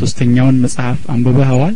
ሶስተኛውን መጽሐፍ አንብበኸዋል